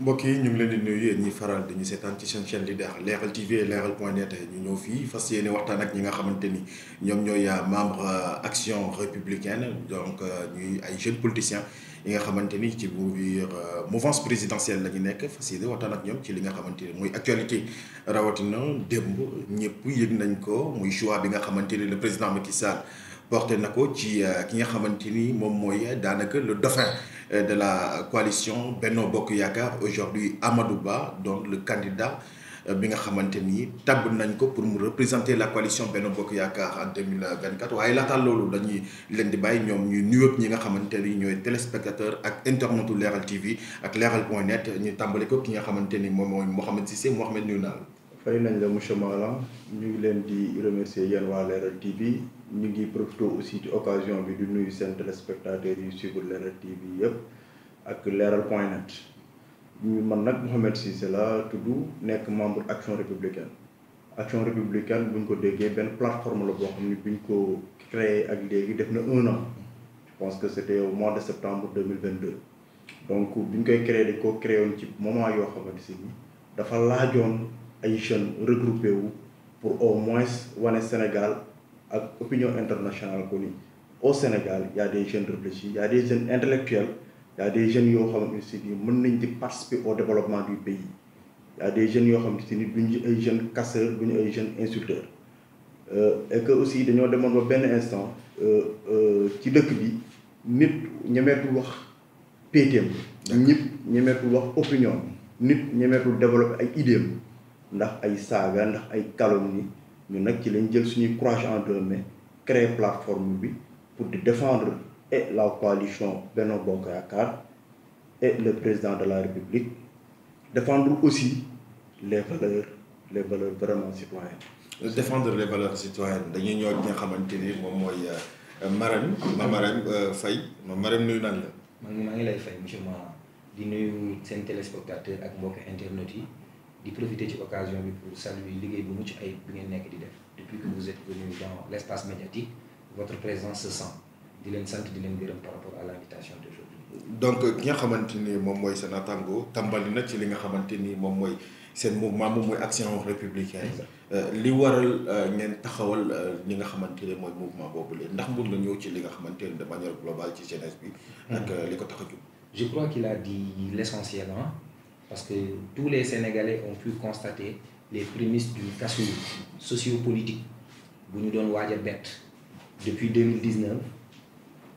mbokk yi ñu ngi leen di nuyu yéen ñi faral di ñu seetaan ci seen chaîne leader Leral TV et Leral point net ñu ñëw fii fas yéene waxtaan ak ñi nga xamante ni ñoom ñooy euh, membre euh, action républicaine donc euh, ñuy ay jeunes politiciens yi nga xamante ni ci bu biir mouvance présidentielle la ñu nekk fas yéene waxtaan ak ñoom ci li nga xamante ni mooy actualité rawatina démb ñëpp yëg nañ ko muy choix bi nga xamante ni le président Macky Sall porté na ko ci ki nga xamante ni moom mooy daanaka le dauphin. Euh, de la coalition Benno Bokk Yaakaar aujourd'hui Amadou Ba donc le candidat euh, bi nga xamante nii tàbb nañ ko pour mu représenter la coalition Benno Bokk Yaakaar en 2024 waaye laata loolu dañuy leen di bàyyi ñoom ñu nuyoog ñi nga xamante ni ñooy téléspectateur ak internetu Leral TV ak Leral point net ñu tàmbali ko ki nga xamante ni moom mooy Mouhamed Cissé Mouhamed nuyu naa la. fay nañ la monsieur Malang ñu ngi leen di remercier yéen waa Leral TV. ñu ngi profité aussi ci occasion bi di nuyu seen téléspectateurs yi suivre Leral TV yëpp ak leeral point net ñu man nag Mouhamed Cissé la tudd nekk membre Action républicaine Action républicaine bu ñu ko déggee benn plateforme la boo xam ne bu ñu ko créé ak léegi def na un an je pense que c'était au mois de septembre 2022 donc bi ñu koy créé dañ ko créé woon ci moment yoo xamante si ni dafa laajoon ay jeunes regroupé wu pour au moins wane Sénégal ak opinion internationale ko ni au Sénégal y a des jeunes réfléchis y a des jeunes intellectuels y des jeunes yoo xamante ne si ni mën nañ di participer au développement du pays y a des jeunes yoo xamante si ni duñu ay jeunes casseurs duñu ay jeunes insulteurs euh, et que aussi dañoo demoon ba benn instant euh, euh, ci dëkk bi nit ñemeetul wax péeteem nit ñemeetul wax opinion nit ñemeetul développer ay idéem ndax ay saaga ndax ay calomnie ñu nag ci lañ jël suñuy courage en deux mains créer plateforme bi pour di défendre et la coalition Benno Bokk Yaakaar et le président de la République défendre aussi les valeurs les valeurs vraiment citoyennes. défendre les valeur citoyennes dañuy ñëw ñi nga xamante ni moom mooy euh, Marème ma Marème euh, Faye ma Marème nuyu naan la. maa ngi maa ngi lay fay monsieur di nuyu seen téléspectateur ak mbokk internet yi. di profiter ci occasion bi pour saluer liggéey bu mucc ayib bi ngeen nekk di def depuis que vous êtes venu dans l' médiatique votre présence se sent di leen sant di leen gërëm par rapport à l' invitation d' aujourd'hui donc ki nga xamante ni moom mooy sa naataango tambali na ci li nga xamante ni moom mooy seen mouvement moom mooy action républicaine euh, li waral euh, ngeen taxawal ñi euh, nga xamante ne mooy mouvement boobu leen ndax mun nga ñëw ci li nga xamante ne de manière globale ci bi. ak hmm. li ko tax a jóg. parce que tous les Sénégalais ont pu constater les prémices d'une cassure sociopolitique bu ñu doon waaj a bett depuis 2019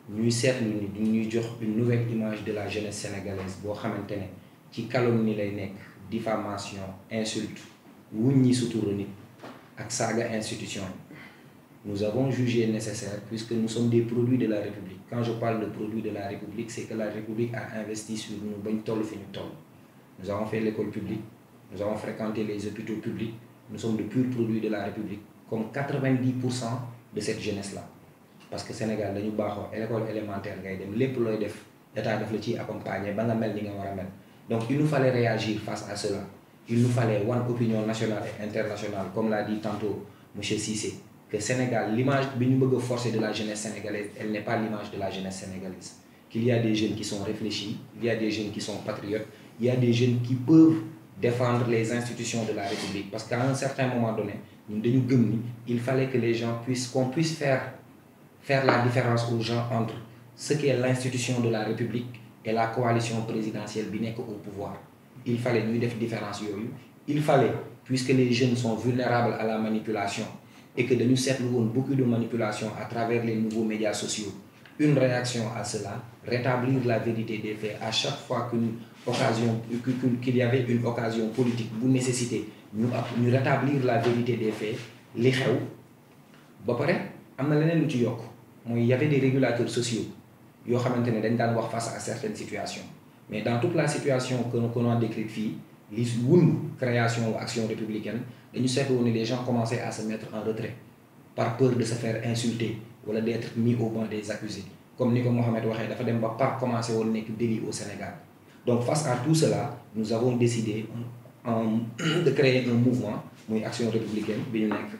ñuy seetlu ni du ñuy jox une nouvelle image de la jeunesse sénégalaise boo xamante ne ci calomnie lay nekk diffamation insulte wuñ ñi sutura nit ak saaga institution nous avons jugé nécessaire puisque nous sommes des produits de la République quand je parle de produits de la République c'est que la République a investi sur nous toll fi ñu toll Nous avons fait l'école publique, nous avons fréquenté les hôpitaux publics, nous sommes de purs produits de la République, comme 90% de cette jeunesse-là. Parce que le Sénégal, nous avons l'école élémentaire, nous avons def l'État def le ci accompagner, ba nga mel li nga wara mel. Donc il nous fallait réagir face à cela. Il nous fallait one opinion nationale et internationale, comme l'a dit tantôt M. Sissé, que Sénégal, l'image que nous forcer de la jeunesse de la jeunesse il y a des jeunes qui peuvent défendre les institutions de la République parce qu'à un certain moment donné ñun dañu gëm ni il fallait que les gens puissent qu'on puisse faire faire la différence aux gens entre ce qu'est l'institution de la République et la coalition présidentielle bi nekk au pouvoir il fallait ñuy def différence yooyu il fallait puisque les jeunes sont vulnérables à la manipulation et que dañu seetlu woon beaucoup de manipulation à travers les nouveaux médias sociaux une réaction à cela rétablir la vérité des faits à chaque fois que occasion qu'il y avait une occasion politique bu nécessité ñu ab ñu rétablir la vérité des faits li xew ba pare am na leneen lu ci yokk mooy y avait des régulateurs sociaux yoo xamante ne dañ daan wax face à certaines situations mais dans toute la situation que qu'on a décrite fii li wundu création ou action républicaine dañu seetlu woon ne les gens à se mettre en retrait par peur de se faire insulter wala d'être mis au banc des accusés comme ni ko Mohamed waxee dafa dem ba commencé woon nekk délit au donc face à tout cela nous avons décidé euh, de créer un mouvement muy action républicaine bi ñu nekk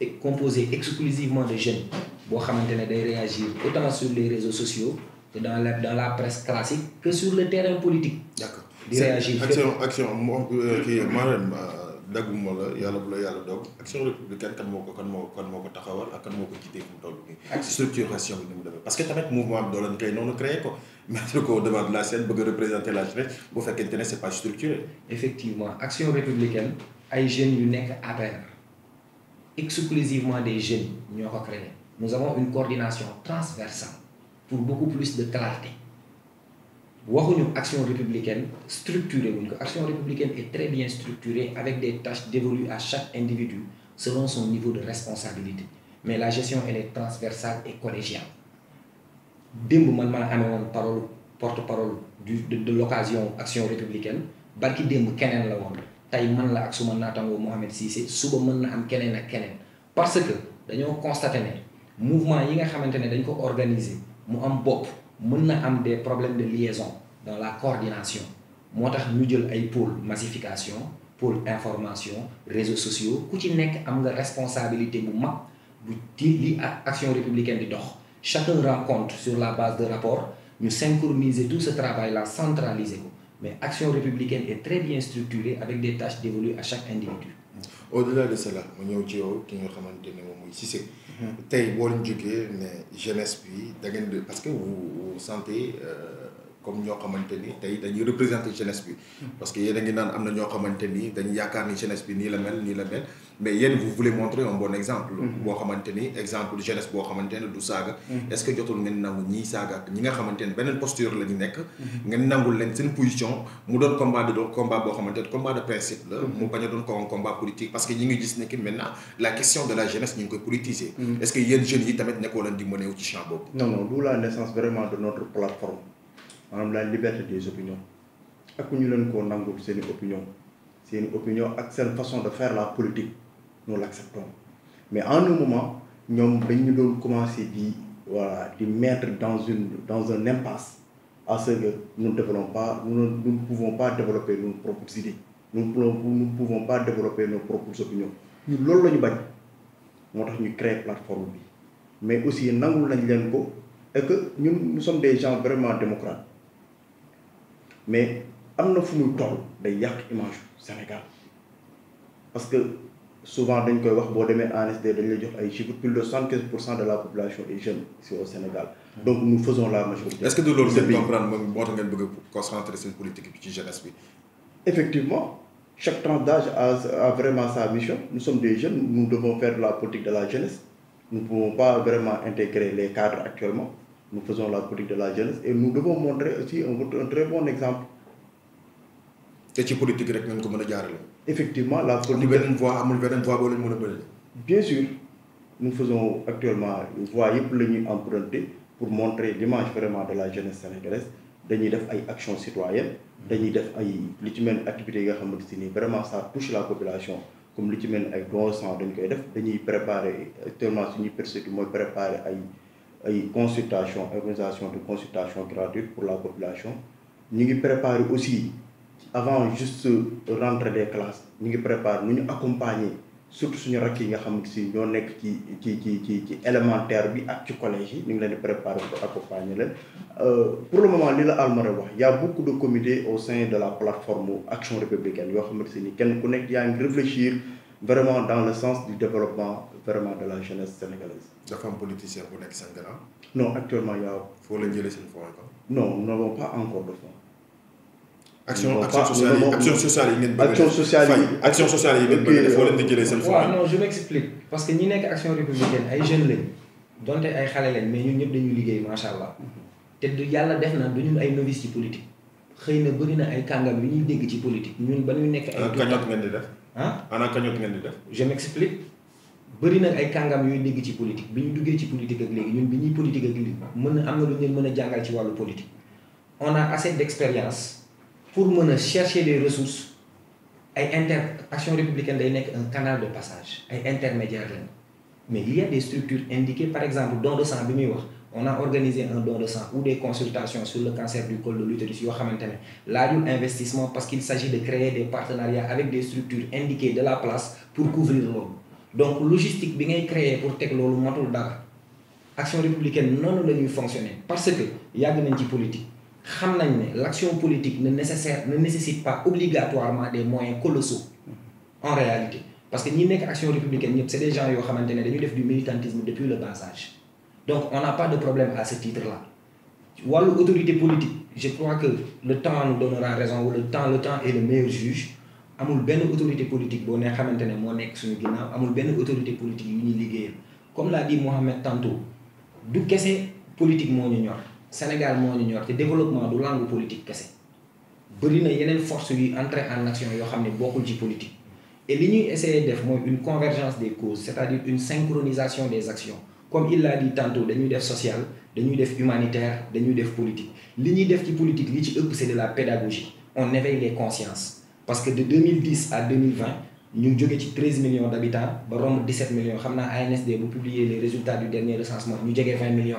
et composé exclusivement de jeunes boo xamante ne day réagir autant sur les réseaux sociaux que dans la dans la presse classique que sur le terrain politique. d'accord di réagir action action moom euh, kii maanaam euh, dagguma la yàlla bu la yàlla doog action républicaine kan moo ko kan moo kan moo ko taxawal ak kan moo ko jiitee fu mu toll nii. structuration bi ni mu demee parce que mettre ko au de la scène bëgg représenter la jeunesse bu fekkente ne c'est pas structuré. effectivement action républicaine ay jeunes yu nekk APR exclusivement des jeunes ñoo ko créé nous avons une coordination transversale pour beaucoup plus de clarté waxuñu action républicaine structurée wuñ ko action républicaine est très bien structurée avec des tâches dévolues à chaque individu selon son niveau de responsabilité mais la gestion elle est transversale et démb man maa amee woon parole porte parole du de de l' occasion action républicaine barki démb keneen la woon tey man la ak suma naataangoo Mouhamed Cissé suba mën na am keneen ak keneen parce que dañoo constaté ne mouvement yi nga xamante ne dañ ko organiser mu am bopp mën na am des problème de liaison dans la coordination moo tax ñu jël ay pôle massification pôle information réseaux sociaux ku ci nekk am nga responsabilité bu mag bu ti li action républicaine di dox chacun rend compte sur la base d'un rapport ñu synchroniser tout ce travail là centraliser ko mais action républicaine est très bien structurée avec des tâches dévolues à chaque individu. au-delà de cela mu ñëw ci yow ki nga xamante ne moom mooy Cissé. Mhm. tey boo leen jógee ne jeunesse bi da ngeen di parce que vous vous sentez. Euh, comme ñoo xamante ni tey dañuy représenter jeunesse bi. parce que yéen ngi naan am na ñoo xamante ni dañuy yaakaar ni jeunesse bi nii la mel nii la mel mais yéen vous voulez montrer un bon exemple. Mm-hmm. boo xamante ni exemple boo xamante ne du saaga. Mm-hmm. est-ce que jotul ngeen nangu ñii saaga ñi nga xamante ne beneen posture la nekk. Mm-hmm. ngeen nangul leen seen position mu doon combat de combat boo xamante ne combat de principe la. mu bañ a doon ko combat politique parce que ñi ngi gis ne ki maanaam la liberté des opinions ak ñu leen koo nangul seeni opinion seeni opinion ak seen façon de faire la politique nous l'acceptons mais en un moment ñoom dañ ñu doon commencer di waa di mettre dans une dans un impasse à ce que nous ne développons pas nous ne nous ne pouvons pas développer nos propres idées nous ne loolu la ñu bañ moo tax ñu créer plateforme bi mais aussi nangul nañ leen ko et que ñun nous sommes des gens vraiment démocrates mais am na fu muy toll day yàq image Sénégal parce que souvent dañ koy wax boo demee ANSD dañ lay jox ay chiffres plus de soixante quinze pour cent de la population est jeune ici au Sénégal hmm. donc nous faisons la majorité. est ce que du loolu ngeen comprendre moom moo tax ngeen bëgg a concentrer seen politique bi ci jeunesse bi. effectivement chaque tranche d'âge a vraiment sa mission nous sommes des jeunes nous devons faire de la politique de la jeunesse nous ne pas vraiment Nous faisons la politique de la jeunesse et nous devons montrer aussi un, un très bon exemple. te ci politique rek nañ ko mën a jaarale. effectivement la politique amul beneen voie amul beneen voie boo leen mën a bëri. bien sûr nous faisons actuellement voie yëpp la ñuy emprunter pour montrer l'image vraiment de la jeunesse sénégalaise dañuy def ay actions citoyennes. dañuy def ay li ci mel activités yi nga xamante si nii vraiment ça touche la population comme li ci mel ay don sang dañu koy def dañuy préparer actuellement suñuy persécuté mooy préparer ay. ay consultation organisation de consultation gratuite pour la population ñu ngi préparer aussi avant juste rentrée des classes ñu ngi préparer nu ñu accompagner surtout suñu rakk yi nga xam si ñoo nekk ci ci ci ci ci élémentaire bi ak ci collège yi ñu ngi leen di préparer pour accompagner leen euh, pour le moment li la Almara wax y a beaucoup de comités au sein de la plateforme action républicaine yoo xamante si ni kenn ku nekk yaa ngi réfléchir vraiment dans le sens développement vraiment de la jeunesse sénégalaise. dafa am politicien bu nekk seen gannaaw. non actuellement y' foo leen jëlee seen fonds encore. non nous n'avons pas encore de fonds. yi action sociale yi ngeen bëgg action euh, sociale yi yi ngeen bëgg def seen fonds. waaw parce que ñi nekk action républicaine ay jeunes lañ donte ay xale lañ mais ñun ñëpp dañuy liggéey macha allah mhm. te du yàlla def na du ñun ay novice ci politique xëy na bëri ay kàngam yu ñuy dégg ci politique ñun ba ñuy nekk. ay kañoot ngeen di def. ah ana kañoot ngeen di def. bëri nag ay kàngam yooyu dégg ci politique bi ñu duggee ci politique ak léegi ñun bi ñuy politique ak léegi mën am na lu ñu mën a jàngal ci wàllu politique on a assez d'expérience pour mën a chercher des ressources ay inter action républicaine day nekk un canal de passage ay intermédiaire lañ mais il y a des structures indiquées par exemple don de sang bi muy wax on a organisé un don de sang ou des consultations sur le cancer du col de l'utérus yoo xamante parce qu'il s'agit de créer des partenariats avec des structures indiquées donc logistique bi ngay créer pour teg loolu matul dara action républicaine noonu la ñuy fonctionner parce que yàgg nañ ci politique xam nañ ne l' action politique ne nécessaire ne nécessite pas obligatoirement des moyens colossaux en réalité parce que ñi nekk action républicaine ñëpp c' des gens yoo xamante ne dañu def du militantisme depuis le bas âge donc on n'a pas de problème à ce titre là wàllu autorité politique je crois que le temps raison ou le temps le amul benn autorité politique boo ne xamante ne moo nekk suñu ginnaaw amul benn autorité politique yu ñuy liggéeyal comme l'a dit Mohamed tanto du kese politique moo ñu ñor Sénégal moo ñu ñor te développement du langue politique kese bëri na yeneen force yu entrer en action yoo xam ne bokkul ci politique et li ñuy essayer def mooy une convergence des causes c'est-à-dire une synchronisation des actions comme il l'a dit tantôt dañuy def social dañuy def humanitaire dañuy def politique li ñuy def ci politique li ci ëpp de la pédagogie on les consciences parce que de à ñu jóge ci 13 millions d' habitants ba romb 17 millions xam naa ANSD bu publier les résultats du dernier recensement ñu jege 20 yi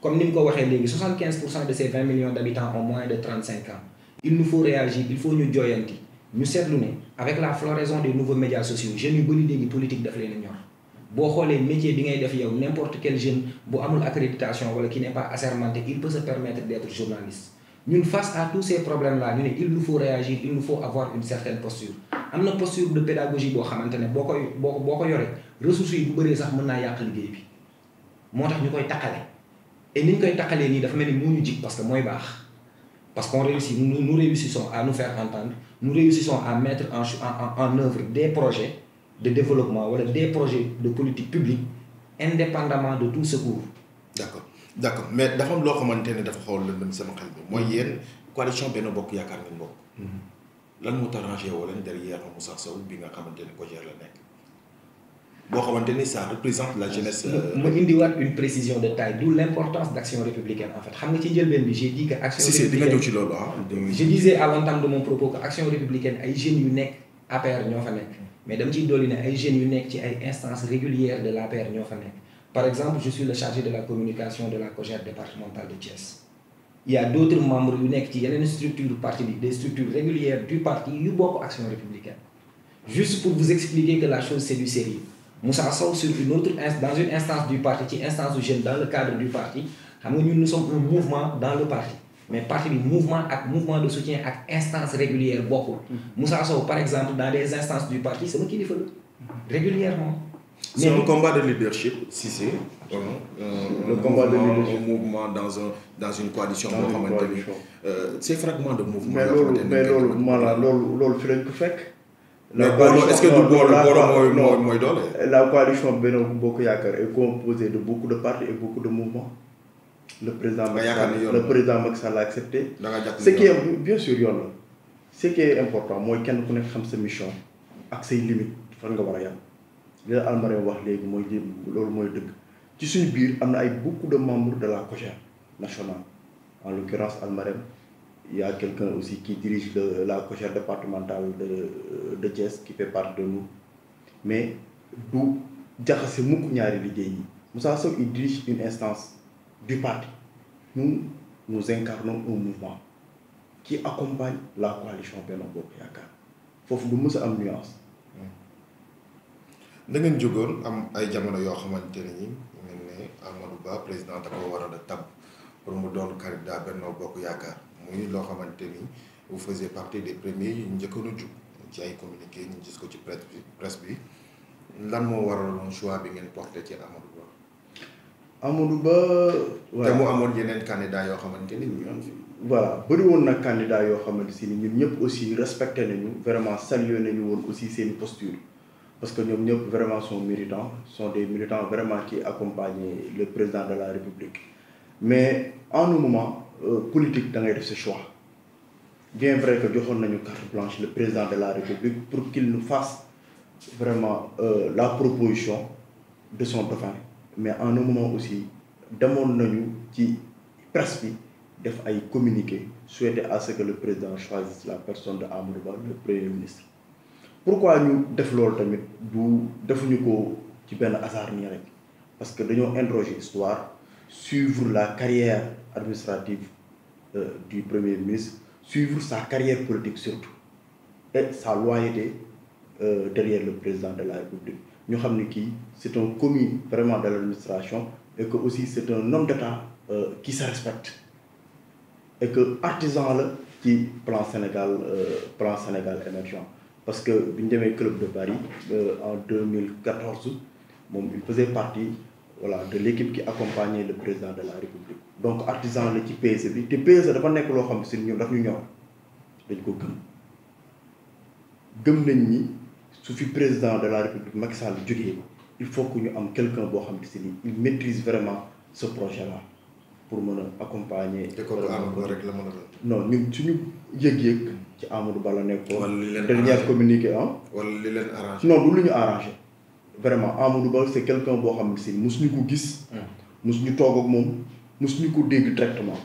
comme ni mu ko waxee léegi de ces 20 millions d' moins de 35 ans il nous faut réagir il faut ñu jooyanti ñu seetlu ne avec la floraison des nouveaux médias sociaux jeunes yu bëri léegi politique daf leen a ñor boo xoolee métier bi ngay def yow n' importe quel jeune bu amul accréditation wala qui n' est pas assermenté il peut se permettre d' ñun face à tous ces problèmes là ñu ne il nous faut réagir il nous faut avoir une certaine posture am na posture de pédagogie boo xamante ne boo ko boo boo ko yoree ressources yi bu bëree sax mën naa yàq liggéey bi moo tax ñu koy taqale et ni ñu koy taqalee nii dafa mel ni moo ñu jig parce que mooy baax parce qu'on réussit nous nous réussissons à nous faire entendre nous réussissons à mettre en en en œuvre des projets de développement wala des projets de politique publique indépendamment de tout secours d'accord d' accord mais dafa loo xamante ne dafa xaw lëndëm sama xel bi mooy yéen coalition Benno Bokk Yaakaar ngeen bokk. Mm-hmm. lan moo tax rangé woo leen derrière Moussa Sow bi nga xamante ne Cogère la nekk boo xamante ni ça représente la jeunesse. ma euh, indiwaat une précision de taille d'où l'importance d' républicaine en fait xam nga ci njëlbeen bi j'ai dit que. action si si di nga ñëw ci loolu ah. je disais à l'entame de mon propos que action républicaine ay jeunes yu nekk APR ñoo fa nekk mm. mais dama ci dolli ne ay jeunes yu nekk ci ay instances régulières de l'APR ñoo fa nekk. Par exemple, je suis le chargé de la communication de la COGER départementale de Thiès. Il y d'autres membres yu nekk ci yeneen structure du parti bi des structures régulières du parti yu bokk action républicaine juste pour vous expliquer que la chose c'est du sérieux Moussa Sow sur une autre dans une instance du parti ci instance du jeune dans le cadre du parti xam nga nous sommes un mouvement dans le parti mais parti bi mouvement ak mouvement de soutien ak instance régulière bokkul mm-hmm. Moussa Sow exemple dans les instances du parti sama kilifa la mm-hmm. régulièrement C'est un combat de leadership, si c'est. Oh euh, le combat de leadership. Un mouvement dans, un, dans une coalition. boo xamante ni euh, ces fragments de mouvement. mais loolu mais loolu maanaam loolu loolu fi lañ fekk. la coalition est mooy mooy la coalition Benno Bokk Yaakaar est composée de beaucoup de partis et beaucoup de mouvements. le président Macky Sall le président ce qui est bien sûr yoon la. ce qui est important mooy kenn ku nekk xam sa mission ak say limites fan nga war li la Almarin wax léegi mooy loolu mooy dëgg ci suñu biir am na ay beaucoup de membres de la COJER nationale en l'occurrence Almarin il y a quelqu'un aussi qui dirige le, la COJER départementale de de Thiès qui fait partie de nous mais du jaxase mukk ñaari liggéey yi Moussa Sow il dirige une instance du parti nous nous incarnons un mouvement qui accompagne la coalition Benno Bokk Yaakaar foofu du mës a am nuance da ngeen jógoon am ay jamono yoo xamante ne ni ngeen ne Amadou Ba président da ko war a tab pour mu doon candidat Benno Bokk Yaakaar muy loo xamante ni vous faisiez partie des premiers yu njëkkoon ci ay communiqué ñu gis ko ci presse bi presse bi lan moo waraloon choix bi ngeen porté ci Amadou Ba. Amadou Ba. waaw te mu amoon yeneen candidat yoo xamante ni ñu am fi. woon nag candidat yoo xamante si ni ñun ñëpp aussi respecté nañu vraiment salué nañu woon aussi seen posture parce que ñoom ñëpp vraiment sont militants sont des militants vraiment ci accompagnent le président de la République mais en un moment euh, politique da ngay def ce choix bien vrai joxoon nañu carte blanche le président de la République pour qu'il nous fasse vraiment euh, la proposition de son dauphin mais en un moment aussi demoon nañu ci presse bi def ay communiqué souhaiter à ce que le président choisisse la personne de Amadou Ba le premier ministre pourquoi ñu def loolu tamit du defuñu ko ci benn hasard nii rek parce que dañoo interroger histoire suivre la carrière administrative euh, du premier ministre suivre sa carrière politique surtout et sa loyauté euh, derrière le président de la république ñu xam ne kii c'est un commis vraiment de l'administration et que aussi c'est un homme d'État euh, qui se respecte et que artisan la ci plan Sénégal plan Sénégal émergent parce que bi ñu demee club de Paris euh, en 2014 moom il faisait partie voilà de l' équipe qui accompagnait le président de la République donc artisan la ci PSE bi te PSE dafa nekk loo xam si ñun daf ñu ñor dañ ko gëm nañ ni su fi président de la République Macky Sall jógee il faut que ñu am quelqu'un boo xam si ni il maîtrise vraiment ce projet là pour mën a accompagner. te kooku rek la mën a non suñu yëg-yëg. ci Amadou Ba la nekkoon. wala li leen arrangé dernier communiqué ah. wala li leen arrangé. non du lu ñu arrangé vraiment Amadou Ba c'est quelqu'un boo xam ne si mosuñu ko gis. Hmm. mosuñu toog ak moom mosuñu ko dégg directement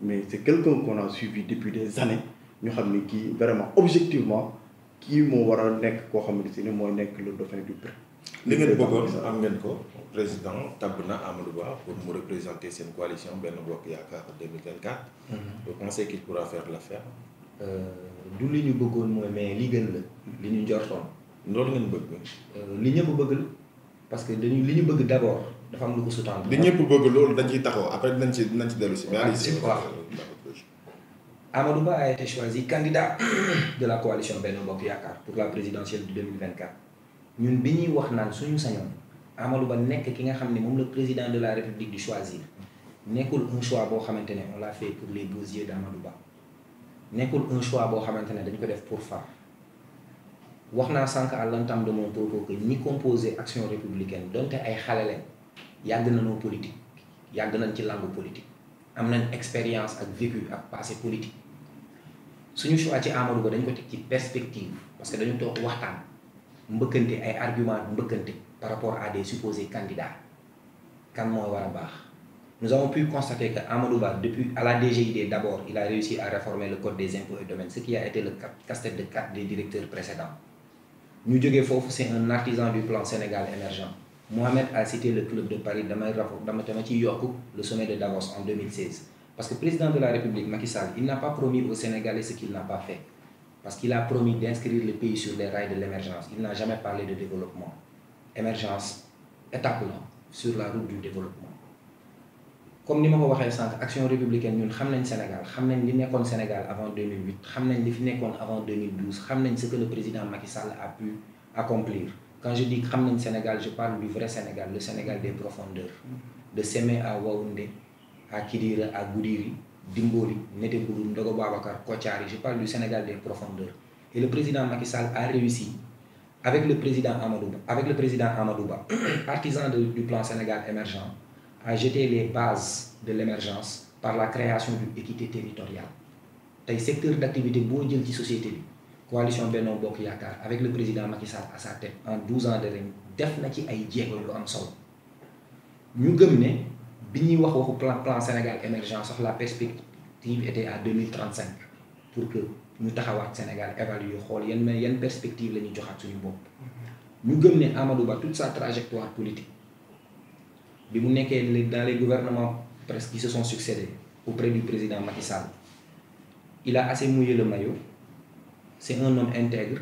mais c'est quelqu'un qu'on a suivi depuis des années ñu xam ne kii vraiment objectivement kii moo war nekk koo xam ne si ne mooy nekk le dauphin du prix. li ngeen bëggoon am ngeen ko président tabb na Amadou Ba pour mu représenter seen coalition benn bokk yaakaar 2024. Hmm. vous pensez qu'il pourra faire Euh, du li ñu bëggoon mooy mais lii gën la li ñu njortoon loolu ngeen bëgg euh, li ñëpp bëgg la parce que dañu li ñu bëgg d'abord dafa am lu ko sutaan li ñëpp bëgg loolu dañ ciy taxaw après dinañ nañ dinañ ci dellu si ah, Amadou Ba a été choisi candidat de la coalition Benno Bokk Yaakaar pour la présidentielle de 2024 ñun bi ñuy wax naan suñu sañoon Amadou Ba nekk ki nga xam ne moom la président de la République di choisir nekkul un choix boo xamante ne on l'a fait pour les Ba nekkul un choix boo xamante ne dañu ko def pour far wax naa sànq àllantam l'entame de mon propos que ñi composé action républicaine donte ay xale lañ yàgg nañoo politique yàgg nañ ci langue politique am nañ expérience ak vécu ak passé politique suñu choix ci Amadou ko dañ ko teg ci perspective parce que dañu toog waxtaan mbëkkante ay argument mbëkkante par rapport à des supposés candidats kan mooy war a baax nous avons pu constater que Amadou Ba depuis à la DGID d'abord il a réussi à réformer le code des impôts et domaines ce qui a été le casse de quatre des directeurs précédents ñu jógee foofu c'est un artisan du plan Sénégal émergent Mohamed a cité le club de Paris damay rafet dama dama ciy yokk le sommet de Davos en parce que président de la République Macky il n'a pas promis aux Sénégalais ce qu'il n'a pas fait parce qu'il a promis d'inscrire comme ni ma ko waxee sànq action républicaine ñun xam nañ Sénégal xam nañ li nekkoon Sénégal avant 2008 xam nañ li fi nekkoon avant 2012 xam nañ ce que le président Macky Sall a pu accomplir quand je dis xam nañ Sénégal je parle du vrai Sénégal le Sénégal des profondeurs de Sémé à Waoundé à Kidira à Goudiri Dimbori Neteboulou Ndogo Babacar Kotiari je parle du Sénégal des profondeurs et le président Macky Sall a réussi avec le président Amadou Ba avec président Amadou Ba artisan du plan Sénégal émergent a jeté les bases de l'émergence par la création d'une équité territoriale tey secteur d'activité boo jël ci société bi coalition Benno Bokk Yaakaar avec le président Macky Sall à sa tête en douze ans de règne def na ci ay jéego lu am solo ñu gëm ne bi ñuy wax waxu plan plan Sénégal émergent sax la perspective était à deux mille trente cinq pour que ñu taxawaat Sénégal évaluer xool yenn yan yan perspective la ñuy joxaat suñu bopp. ñu gëm ne Amadou Ba toute sa trajectoire politique bi mu nekkee dans les gouvernements presque qui se sont succédés auprès du président Macky Sall il a assez mouillé le maillot c'est un homme intègre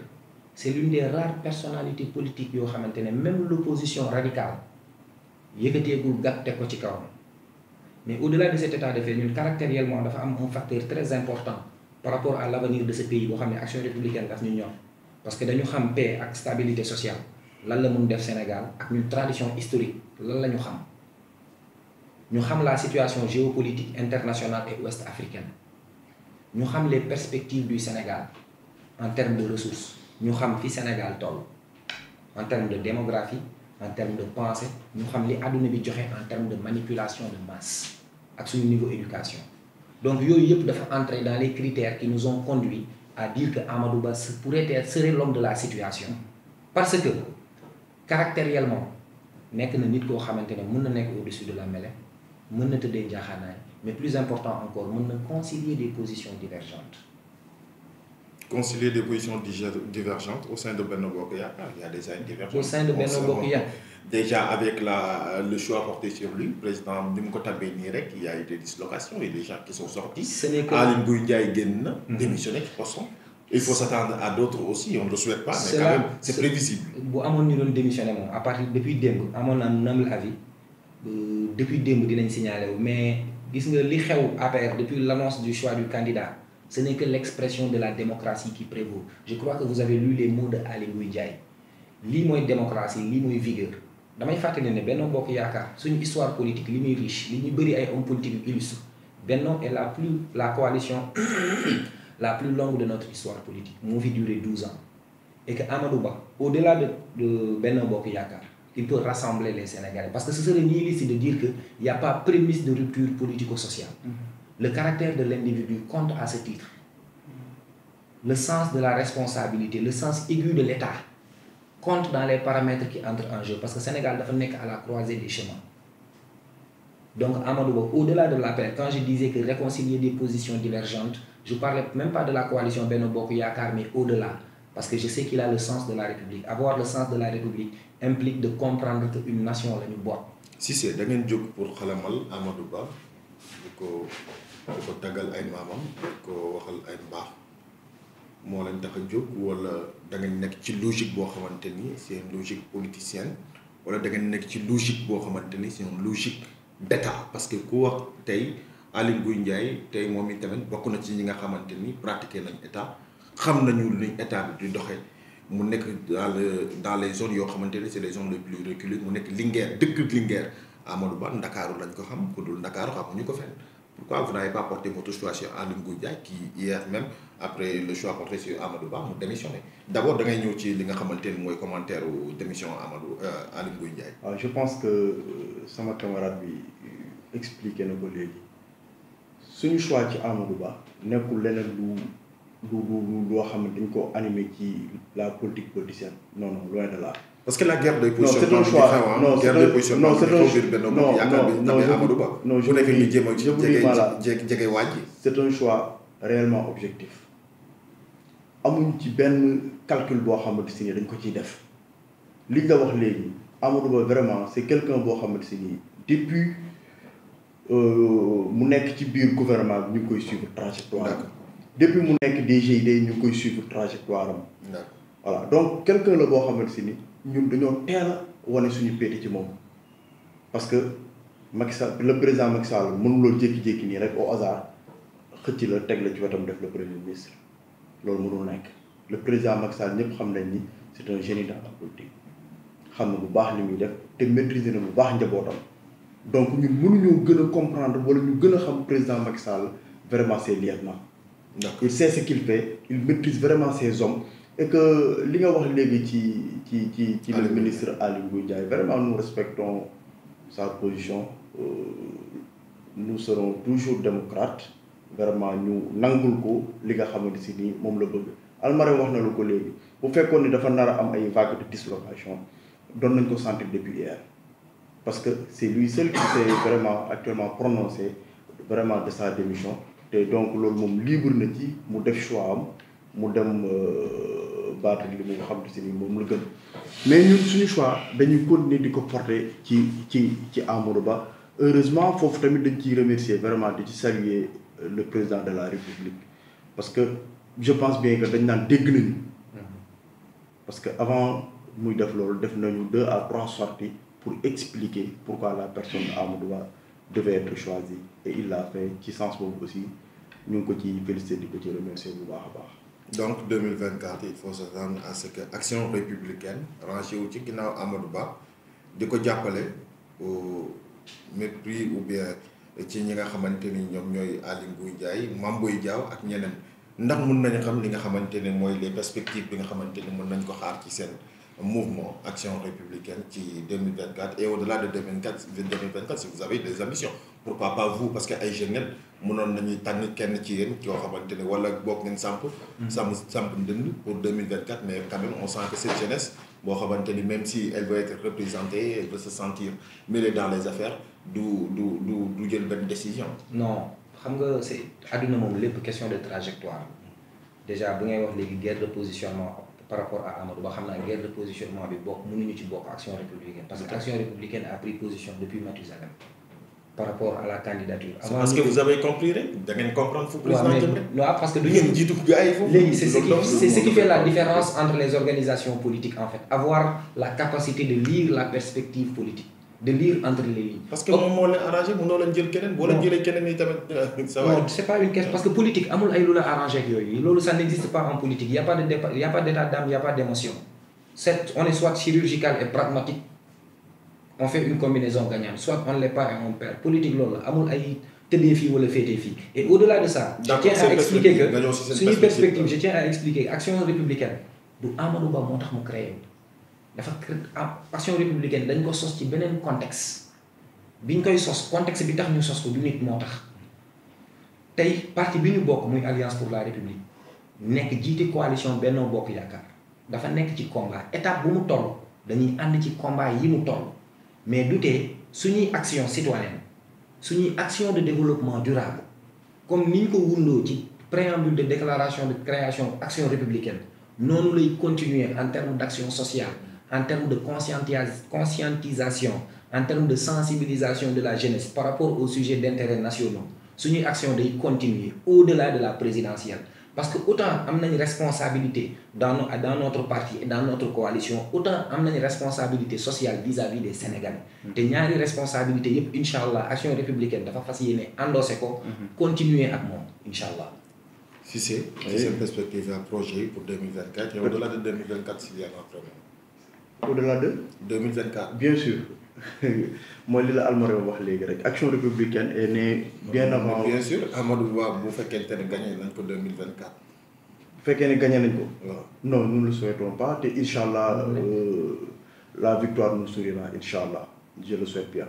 c'est l'une des rares personnalités politiques yoo xamante ne même l'opposition radicale yëkkateegul gàtte ko ci kawam mais au-delà de cet état de fait ñun caractériellement dafa am un facteur très important par rapport à l'avenir de ce pays boo xam ne action républicaine daf ñu ñor parce que dañu xam paix ak stabilité sociale lan la mun def Sénégal ak ñun tradition historique lan la ñu xam ñu xam la situation géopolitique internationale et ouest africaine ñu xam les perspective du Sénégal en termes de ressources ñu xam fi Sénégal toll en terme de démographie en termes de pensée ñu xam li àdduna bi joxe en termes de manipulation de masse ak suñu niveau éducation donc yooyu yëpp dafa entrer dans les critères qui nous ont conduits à dire que Amadou Ba pourrait être serait l'homme de la situation parce que caractériellement nekk na nit koo xamante ne mën na nekk au-dessus la mêlée mën na tëddee njaaxaanaay mais plus important encore mën na concilier des positions divergentes. concilier des positions divergentes au sein de Benno Bokk Yaakaar il a déjà une divergence. au sein de Benno Bokk Yaakaar déjà avec la le choix porté sur lui président bi mu ko tabee nii rek il y a eu des dislocations et des gens qui sont sortis. ce n'est que Aly na. Mhm. démissionné ci poste il faut s'attendre à d'autres aussi on ne le souhaite pas. mais quand même c'est prévisible. à partir depuis démb amoon Euh, depuis démb dinañ signalé wu mais gis nga li xew APR depuis l'annonce du choix du candidat ce n'est que l'expression de la démocratie qui prévaut je crois que vous avez lu les mots de Ali Ngouille Ndiaye lii mooy démocratie lii mooy vigueur damay fàttali ne Benno Bokk Yaakaar suñu histoire politique li muy riche li ñu bëri ay hommes politiques yu illustre Benno est la plus la coalition la plus longue de notre histoire politique moo fi duré douze ans et que Ba au-delà de de Bokk Yaakaar il peut rassembler les Sénégalais. Parce que ce serait nihiliste de dire qu'il n'y a pas prémisse de rupture politico-sociale. Le caractère de l'individu compte à ce titre. Le sens de la responsabilité, le sens aigu de l'État compte dans les paramètres qui entrent en jeu. Parce que le Sénégal dafa nekk à la croisée des chemins. Donc Amadou Ba, au-delà de l'appel, quand je disais que réconcilier des positions divergentes, je parlais même pas de la coalition Benno Bokk Parce que je sais qu'il a le sens de la République. Avoir le sens de la République implique de comprendre une nation la ñu boot. si si da ngeen jóg pour xalamal Amadou Ba di ko di ko taggal ay maamam di ko waxal ay mbaax moo leen tax a jóg wala da ngeen nekk ci logique boo xamante ni c'est une logique politicienne wala da nekk ci logique boo xamante ni c'est une d'état parce que ku wax tey Aly buy Ndiaye tey moom itamit bokk na ci ñi nga xamante ni pratiquer nañ état. xam nañu luñ état bi di doxee mu nekk dans le dans les zones yoo xamante ne c'est les zones les plus reculées mu nekk Linguère dëkk Linguère Amadou Ba Ndakaaru lañ ko xam ku dul Ndakaaru ñu ko fenn pourquoi vous n'avez pas porté votre choix sur Aly Ngouille Ndiaye qui hier même après le choix porté sur Amadou Ba mu démissionné d'abord da ñëw ci li nga xamante ni mooy commentaire u démission Amadou euh, Aly Ngouille Ndiaye ah, je pense que euh, sama camarade bi expliqué na ko léegi suñu choix ci Ba du du loo xam ne dañ ko animé ci la politique politicienne non non loin de là. parce que la guerre des positions. non c'est un choix non guerre des positions non c'est un non non non Amadou Ba. non je vous dis je vous dis voilà jege c'est un choix réellement objectif amuñ ci benn calcul boo xamante si nii dañ ko ciy def li la wax léegi Amadou Ba vraiment c'est quelqu'un boo xamante si nii depuis euh, mu nekk ci biir gouvernement bi ñu ngi koy suivre trajectoire depuis mu nekk DGID ñu ngi koy suivre trajectoire am. voilà donc quelqu'un la boo xamante si ni ñun dañoo teel a wane suñu péete ci moom parce que Macky Sall le président Macky Sall mënuloo jékki-jékki nii rek au hasard xëcc la teg la ci wetam def le premier ministre loolu mënul nekk le président Macky Sall xam nañ ni c'est un génie dans la politique xam na bu baax li muy def te maîtriser na bu baax njabootam donc ñun mënuñoo gën a comprendre wala ñu gën a xam président Macky Sall vraiment c'est lieutenant il sait ce qu'il fait il maîtrise vraiment ses hommes et que li nga wax léegi ci ci ci ci le ministre Aly Ngouille Ndiaye vraiment nous respectons sa position euh, nous serons toujours démocrates vraiment ñu nangul ko li nga xamante si nii moom la bëgg Almare wax na lu ko léegi bu fekkoon ni dafa nar a am ay vagues de dislocation doon nañ ko sentir depuis hier parce que c'est lui seul qui s'est vraiment actuellement prononcé vraiment de sa démission te donc loolu moom libre na ci mu def choix am mu dem euh, baatu li mu nga xam si ni moom la gën mais ñun suñu choix dañuy continuer di ko porter ci ci ci Amadou Ba heureusement foofu tamit dañ ciy remercier vraiment di ci saluer euh, le président de la République parce que je pense bien que dañ naan dégg nañu parce que avant muy def loolu def nañu deux à trois sorties pour expliquer pourquoi la personne Amadou Ba devait être choisi et il l'a fait ci sens boobu aussi ñu ngi ko ci félicité di ko ci remercier bu baax a baax. donc 2024 il faut s'attendre à ce que action républicaine rangé wu ci ginnaaw Amadou Ba di ko jàppale au mépris ou bien ci ñi nga xamante ni ñoom ñooy Aly Ngouille jaay Mame Boye Diao ak ñeneen ndax mun nañu xam li nga xamante ne mooy les perspectives bi nga xamante ni mun nañ ko xaar ci seen. mouvement action républicaine ci 2024 et au-delà de 2024 2024 si vous avez des ambitions pourquoi pas vous parce que ay jeunes ngeen mënoon nañuy tànn kenn ci yéen koo xamante ne wala bokk ngeen samp mm-hmm. samp samp ndënd pour 2024 mais quand même on sent si elle veut être représentée elle veut sentir mêlée dans les affaires du du du jël benn décision non xam nga c'est àdduna moom lépp question de trajectoire déjà bu ngay wax léegi guerre de positionnement par rapport à Amadou Ba xam naa guerre de positionnement bi bokk mënuñu ci bokk action républicaine parce que action républicaine a pris position depuis Mathusalem par rapport à la candidature. parce que vous avez compris rek da ngeen comprendre fu président jëm rek. parce que du ñu jiitu gars c'est ce qui fait la différence entre les organisations politiques en fait avoir la capacité de lire la perspective politique. de lire entre les lignes. parce que moom moo leen arrangé mënoo leen jël keneen. boo leen jëlee keneen yi tamit. Euh, ça va non c' pas une question parce que politique amul ay lu la arrangé yooyu loolu ça n' existe pas en politique y' a pas de dépa y' a pas d' état d' a pas d' émotion. on est soit chirurgical et pragmatique on une combinaison gagnante soit on l' pas et on perd politique loolu amul ay tëddee fii wala féetee fii et au delà de ça. je tiens dafa action républicaine dañ ko sos ci beneen contexte biñ koy sos contexte bi tax ñu sos ko du nit moo tax tey parti bi ñu bokk muy alliance pour la république nekk jiite coalition Benno Bokk Yaakaar dafa nekk ci combat étape bu mu toll dañuy ànd ci combat yi mu toll mais du tee suñuy action citoyenne suñuy action de développement durable comme ni ñu ko wundoo ci préambule de déclaration de création action républicaine noonu lay continuer en termes d'action sociale en termes de conscientisation en termes de sensibilisation de la jeunesse par rapport aux sujets d'intérêt nationaux suñuy action day continuer au-delà de la présidentielle parce que autant am nañ responsabilité dans nos dans notre parti et dans notre coalition autant am nañ responsabilité sociale vis-à-vis des Sénégalais mm-hmm. ñaari responsabilité yëpp incha allah action républicaine dafa fas yéene endossé ko mm-hmm. continuer ak moom incha allah si c'est c'est une perspective un projet au-delà de. 2024 bien sûr mooy li la Almoré léegi rek action républicaine est née bien avant. bien sûr Amadou Ba bu fekkente ne gagné nañ ko 2024. bu fekkee ne gagné nañ ko. non nous te incha allah euh, la victoire nous sourira incha allah je le souhaite bien.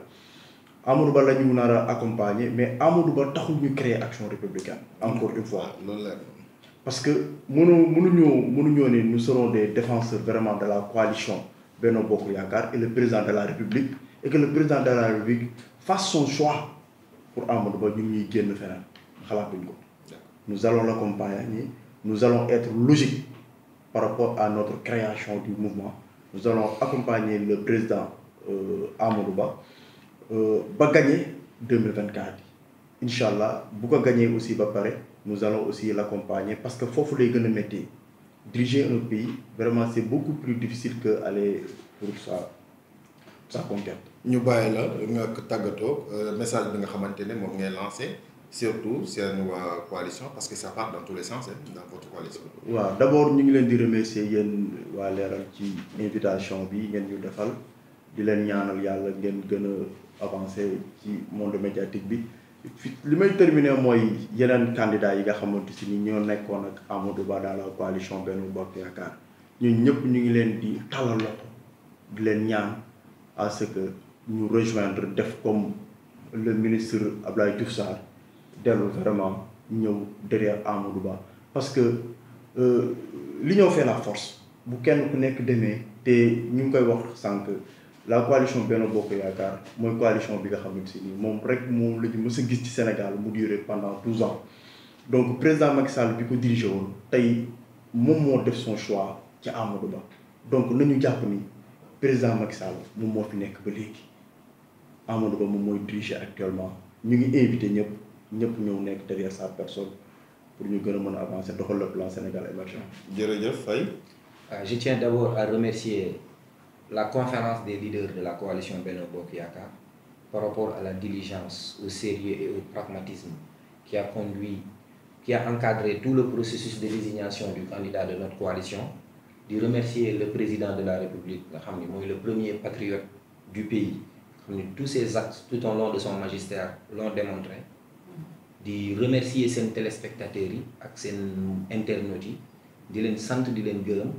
Amadou Ba lañu ñu nar a accompagner mais Amadou Ba taxul ñu créer action républicaine. encore une fois ah, loolu parce que mënu mënuñoo mënuñoo ne nu serons des défenseurs vraiment de la coalition. benn Bokk Yaakaar et le président de la République et que le président de la République fasse son choix pour Amadou Ba ñu ngi génn feneen xalaatuñ ko. nous allons l'accompagner nous allons être logiques par rapport à notre création du mouvement nous allons accompagner le président euh, Amadou Ba euh, ba gagner 2024 incha allah bu ko gagner aussi ba pare nous allons aussi la l'accompagner parce que foofu lay gën a métti. diriger un pays, vraiment, c'est beaucoup plus difficile qu'aller pour sa, sa conquête. Nous avons tàggatoo euh, message bi nga xamante ne moom avons lancé, surtout c'est une coalition, parce que ça part dans tous les sens, dans votre coalition. Oui, D'abord, nous voulons remercier l'invitation que nous avons faite, de l'année, nous avons avancé dans le monde médiatique. li may terminer mooy yeneen candidat yi nga xamante si ni ñoo nekkoon ak Amadou Ba dans la coalition Benno Bokk Yaakaar ñun ñëpp ñu ngi leen di talal loxo di leen ñaan à ce que ñu rejoindre def comme le ministre Abdoulaye Diouf Sarr dellu vraiment ñëw derrière du baax parce que euh, l'union fait la force bu kenn ku nekk demee te ñu ngi koy wax sànq. la coalition benn Bokk Yaakaar mooy coalition bi nga xamante nii moom rek moom la ñu mës gis ci Sénégal mu dure pendant douze ans donc président Macky bi ko dirigé woon tey moom moo def son choix ci Amadou Ba donc nañu jàpp ni président Macky Sall moom moo fi nekk ba léegi Amadou Ba moom mooy diriger actuellement ñu ngi invité ñëpp ñëpp ñëw nekk derrière sa personne pour ñu gën a mën a avancer doxal le plan Sénégal émergent. jërëjëf a ah, je tiens d'abord à remercier. la conférence des leaders de la coalition Benno Bokk Yakaar par rapport à la diligence, au sérieux et au pragmatisme qui a conduit, qui encadré tout le processus de désignation du candidat de notre coalition, di remercier le président de la République nga xam ni mooy le premier patriote du pays xam ni tous ses actes tout au long de son magistère l'ont démontré di remercier seen téléspectateurs yi ak seen internautes yi di leen sant di leen gërëm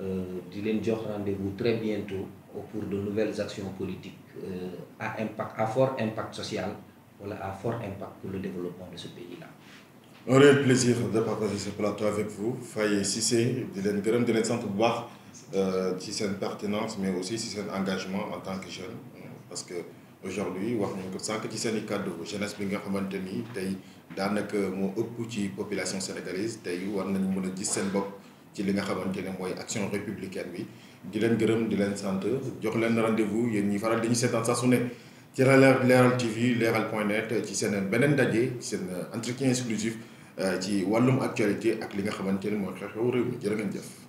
Euh, di leen jox rendez-vous très bientôt au de nouvelles actions politiques euh, à impact à fort impact social wala à fort impact pour le développement de ce pays-là. un réel plaisir de partager ce plateau avec vous Faye Cissé di leen gërëm di leen sant bu baax euh, ci seen pertinence mais aussi ci seen engagement en tant que jeune parce que aujourd'hui wax nañ ko sànq ci seen i kàddu jeunesse bi nga xamante nii tey daanaka moo ëpp ci population sénégalaise tey war nañu mën a gis seen bopp. ci li nga xamante ne mooy action républicaine bi di leen gërëm di leen sant jox leen rendez-vous yéen ñi faral di ñu seetaan saa su ne ci leeral TV leeral point net ci seen beneen daje seen entretien exclusif euh, ci wàllum actualité ak li nga xamante ne mooy xew-xew réew mi jërë ngeen jëf.